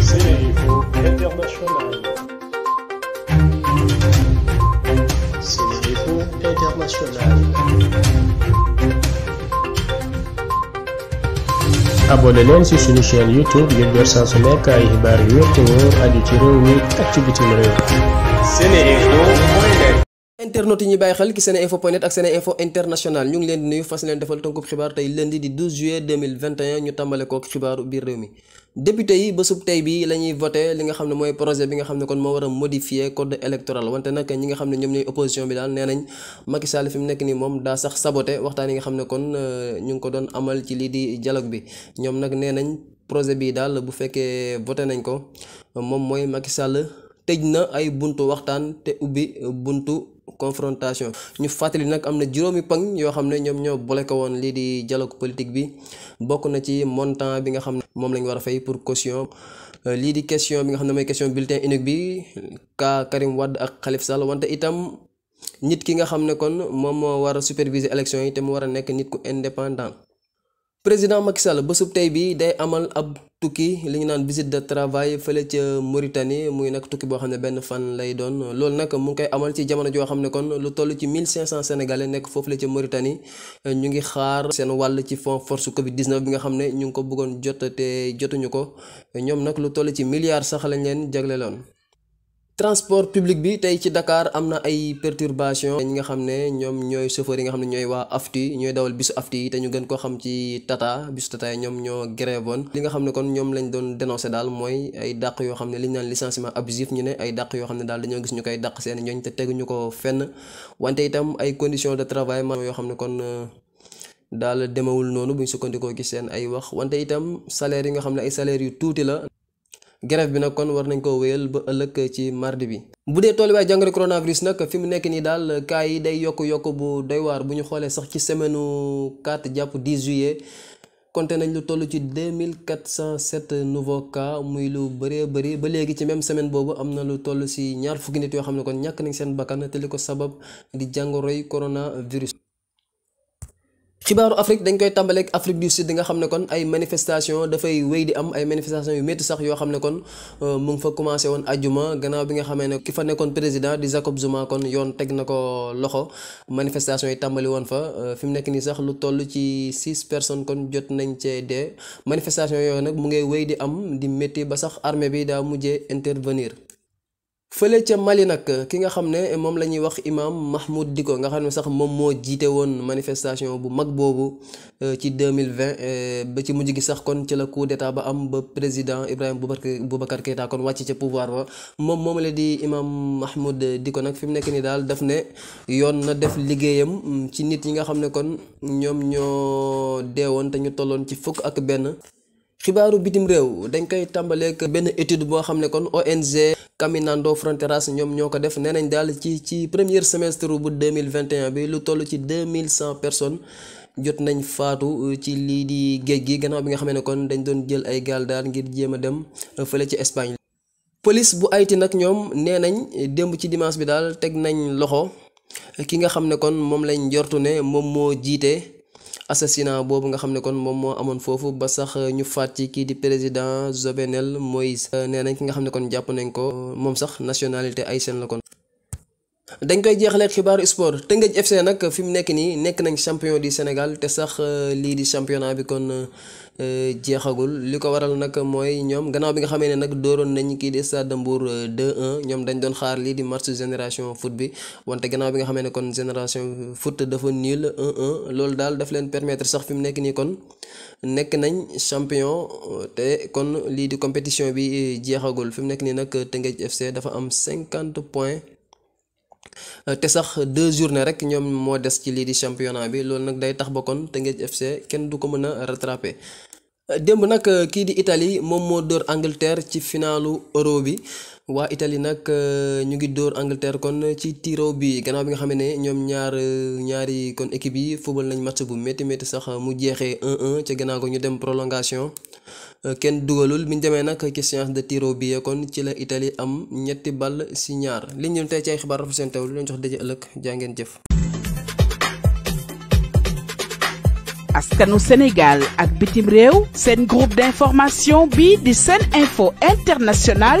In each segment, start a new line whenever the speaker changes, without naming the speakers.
Sénéinfo International. Sénéinfo International. abonné leen ci suñu su nekk ay xibaar yu wér te wóor aju ci réew mi ak internet yi ñu bàyyi xel ci seen info point ak seen info international ñu ngi leen nuyu fas leen defal tënkub xibaar tey lundi di juillet ñu tàmbale kook xibaaru biir réew mi député yi bésub tey bi la ñuy li nga xam ne mooy projet bi nga xam ne kon moo war a modifier code électoral wante nag ñi nga xam ne ñoom ñooy opposition bi daal nee nañ Macky Sall nekk nii moom daa sax saboté waxtaan yi nga xam ne kon euh, ñu ngi ko doon amal ci lii di dialogue confrontation ñu fàttali nag am na juróomi pan yoo xam ne ñoom ñoo bloqué woon lii di dialogue politique bi bokk na ci montant bi nga xam ne moom lañ war a fay pour caution euh, lii di question bi nga xam ne mooy question bulletin unique bi ka Karim Wade ak Khalifa Sall wante itam nit ki nga xam ne kon moom moo war a superviser élection yi te mu war a nekk nit ku indépendant président Macky Sall bésub tey bi day amal ab tukki li ñu naan visite de travail fële ca Mauritanie muy nag tukki boo xam ne benn fan lay doon loolu nag mu ngi koy amal ci jamono joo xam ne kon lu toll ci mille 1500 sénégalais nekk foofu la ca Mauritanie ñu ngi xaar seen wàll ci fond force Covid 19 bi nga xam ne ñu ngi ko bëggoon jot te jotuñu ko ñoom nag lu toll ci milliards sax lañ leen jagleloon. transport public bi tey ci dakaar am na ay perturbation ñi nga xam ne ñoom ñooy chauffeur yi nga xam ne ñooy waa AFTU ñooy dawal bisu AFTU yi te ñu gën koo xam ci Tata bisu Tata yi ñoom ñoo grévoon li nga xam ne kon ñoom lañ doon dénoncé daal mooy ay dàq yoo xam ne li ñu naan licenciement abusif ñu ne ay dàq yoo xam ne daal dañoo gis ñu koy dàq seen ñooñ te ñu ko fenn wante itam ay conditions de travail ma yoo xam ne kon daal demewul noonu bu ñu sukkandikoo ci seen ay wax wante itam salaire yi nga xam ne ay yu tuuti la grève bi nag kon war nañ ko wéyal ba ëllëg ci mardi bi bu dee tolluwaay jàngoro coronavirus nag fi mu nekk nii daal cas yi day yokk yokk bu doy bu ñu xoolee sax ci semaine 4 jàpp 10 juillet konte nañ lu toll ci 2407 nouveau cas muy lu bare bëri ba léegi ci même semaine boobu am na lu toll si ñaar fukki nit yoo xam ne kon ñàkk nañ seen bakkan te li ko sabab di jàngoroy coronavirus xibaaru Afrique dañ koy tàmbaleeg Afrique du Sud nga xam ne kon ay manifestation dafay wéy di am ay manifestation yu métti sax yoo xam ne kon euh, mu ngi fa commencé woon ajjuma gannaaw bi nga xamee ne ki fa nekkoon président di Jacob Zuma kon yoon teg na ko loxo manifestation yi tàmbali woon fa euh, fi mu nekk nii sax lu toll ci six personnes kon jot nañ cee dee manifestation yooyu nag mu ngay wéy di am di métti ba sax armée bi daa mujjee intervenir fële ca Mali nag ki nga xam ne moom la ñuy wax imam Mahmoud Diko nga xam ne sax moom moo jiite woon manifestation bu mag boobu euh, ci 2020 euh, ba ci mujj gi sax kon ci la coup d'état ba am ba président Ibrahima Boubacar Keïta kon wàcc ca pouvoir ba moom moom la di imaam imam di ko nag fi mu nekk nii daal daf ne yoon na def liggéeyam mm, ci nit ñi nga xam ne kon ñoom ñoo deewoon te ñu tolloon ci fukk ak benn xibaaru bitim réew dañ koy tàmbaleek benn étude boo xam ne kon ONG Caminando Fronteras ñoom ñoo ko def nee nañ daal ci ci premier semestre bu 2021 bi lu toll ci 2100 personnes jot nañ faatu euh, ci lii di géej gi gannaaw bi nga xam ne kon dañ doon jël ay gaal daal ngir jéem a dem euh, fële ci Espagne. police bu Haïti nag ñoom nee nañ démb ci dimanche bi daal teg nañ loxo ki nga xam ne kon moom lañ jortu ne moom moo jiite. assassinat boobu nga xam ne kon moom moo amoon foofu ba sax ñu faat kii di président Jovenel Moïse euh, nee nañ ki nga xam ne kon jàpp nañ ko moom sax nationalité haïtienne la kon dañ koy jeexaleeg xibaaru sport Tëngéej FC nag fi mu nekk nii nekk nañ champion du Sénégal te sax euh, lii di championnat bi kon euh, jeexagul li ko waral nag mooy ñoom gannaaw bi nga xamee ne nag dooroon nañ kii di Stade de Mbour euh, ñoom dañ doon xaar lii di match génération foot bi wante gannaaw bi nga xamee ne kon génération foot dafa nul 1-1 loolu daal daf leen permettre sax fi mu nekk nii kon nekk nañ champion te kon lii di compétition bi jeexagul fi mu nekk nii nag Tëngéej dafa am 50 points. Euh, te sax deux journée rek ñoom moo des ci lii di championnat bi loolu nag day tax ba kon Teungueth FC kenn du ko mën a rattraper. Euh, démb nag euh, kii di itali moom moo dóor Angleterre ci finalu euro bi waa itali nag ñu ngi dóor Angleterre kon ci tiro bi gannaaw bi nga xam ne ñoom ñaar ñaari kon équipe yi football nañ match bu métti métti sax mu jeexee 1-1 ca gannaaw ko ñu dem prolongation. Euh, kenn dugalul bi ñu demee nag ci séance de tiro bi kon ci la Italie am ñetti bal si ñaar li ñu tey ci ay xibaar rafet seen teewlu leen jox daje ëllëg jaa ngeen jëf.
askanu Sénégal ak bitim réew seen groupe d'information bi di seen info international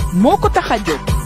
moo ko tax a jóg